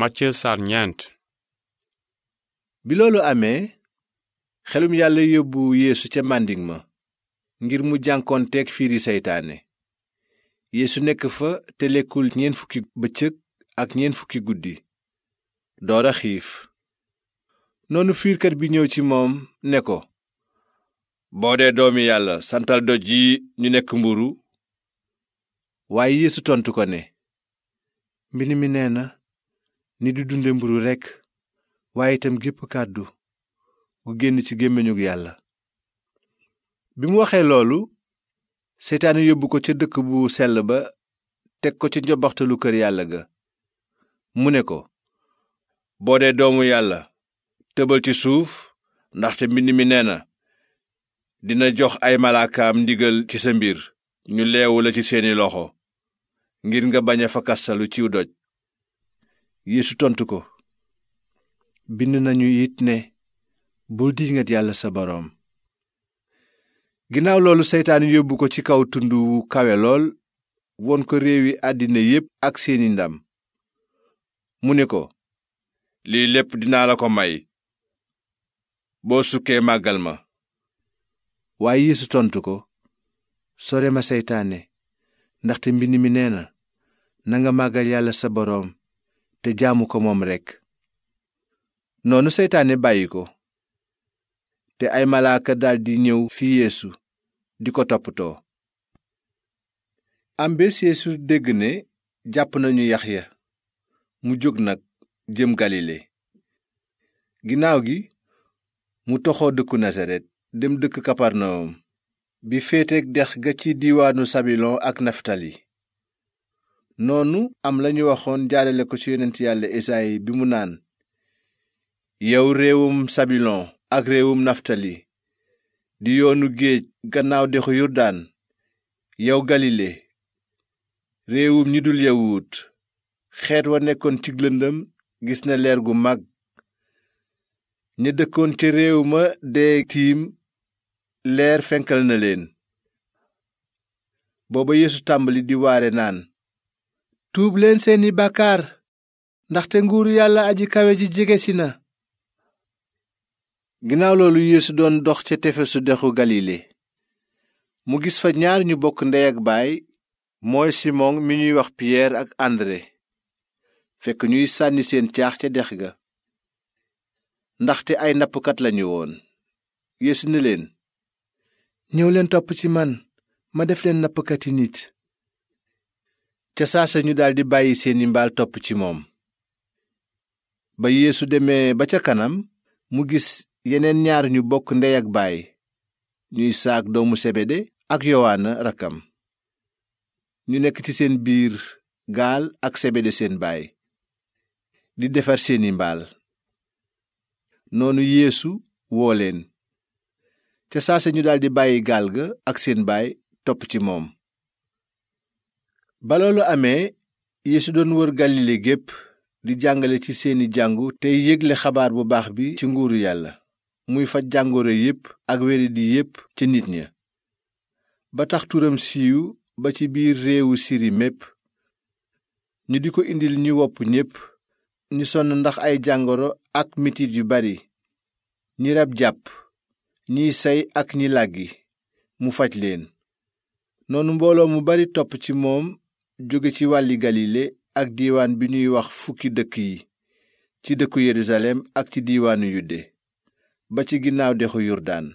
Macë saar ñeent. bi loolu amee xelum yàlla yóbbu yeesu ca màndiŋ ma ngir mu jànkoonteeg fiiri seytaane yéesu nekk fa te lekkul ñeent fukki bëccëg ak ñeent fukki guddi door xiif noonu fiirkat bi ñëw ci moom ne ko boo dee doomi yàlla santal doj yi ñu nekk mburu waaye yeesu tontu ko ne mbind mi nee na ni di dunde mburu rekk waaye itam gépp kàddu gu génn ci gémmiñug yàlla bi mu waxee loolu seytaane yóbbu ko ca dëkk bu sell ba teg ko ci njobaxtalu kër yàlla ga mu ne ko boo dee doomu yàlla tëbal ci suuf ndaxte mbind mi nee na dina jox ay malaakaam ndigal ci sa mbir ñu leewu la ci seeni loxo ngir nga bañ a fakkastalu ciw doj yeesu ko bind nañu it ne bul diingat yàlla sa boroom ginnaaw loolu seytaan yóbbu ko ci kaw tund wu kawe lool won ko réewi àddina yépp ak seeni ndam mu ne ko lii lépp dinaa la ko may boo sukkee màggal ma waaye yeesu tontu ko sore ma seytaane ndaxte mbind mi nee na nanga màggal yàlla sa boroom te jaamu ko moom rekk noonu seytaane bàyyi ko te ay malaaka daldi ñëw fi yeesu di ko toppatoo am bés yeesu dégg ne jàpp nañu yaxya mu jóg nag jëm galile ginnaaw gi mu toxoo dëkku nasaret dem dëkk kaparnawum bi féeteek dex ga ci diiwaanu sabilon ak naftali noonu am lañu waxoon jaarale ko ci yonent yàlla esayi bi mu naan yow réewum sabilon ak réewum naftali di yoonu géej gannaaw dexu yurdaan yow galile réewum ñi dul yawut xeet wa nekkoon cig lëndëm gis na leer gu mag ña dëkkoon ca réew ma dee tiim leer fenkal na leen booba yeesu tàmbali di waare naan tuub leen seeni bàkkaar ndaxte nguur yàlla aji kawe ji jege si na ginnaaw loolu yeesu doon dox ca tefesu dexu galile mu gis fa ñaar ñu bokk ndey ak baay mooy simon mi ñuy wax piyeer ak andre fekk ñuy sànni seen caax ca dex ga ndaxte ay nappkat lañu woon yeesu ne leen ñëw leen topp ci man ma def leen nappkati nit ca ñu daldi bàyyi seeni mbaal topp ci moom ba yéesu demee ba ca kanam mu gis yeneen ñaar ñu bokk ndey ak baay ñuy saak doomu sebede ak yowaana rakkam ñu nekk ci seen biir gaal ak sebede seen baay di defar seeni mbaal noonu yéesu woo leen ca saasa ñu daldi bàyyi gaal ga ak seen baay topp ci moom baloolu loolu amee yeesu doon wër galile gépp di jàngale ci seeni jàngu tey yëgle xabaar bu baax bi ci nguuru yàlla muy faj jàngoro yépp ak wéradi yépp ci nit ña ba tax turam siiw ba ci biir réewu siri mépp ñu di ko indil ñu wopp ñépp ñu sonn ndax ay jàngoro ak mitit yu bari ñi rab jàpp ñiy say ak ñi làggi mu faj leen noonu mbooloo mu bari topp ci moom jóge ci wàlli galile ak diiwaan bi ñuy wax fukki dëkk yi ci dëkku yerusalem ak ci diiwaanu yude ba ci ginnaaw dexu yurdaan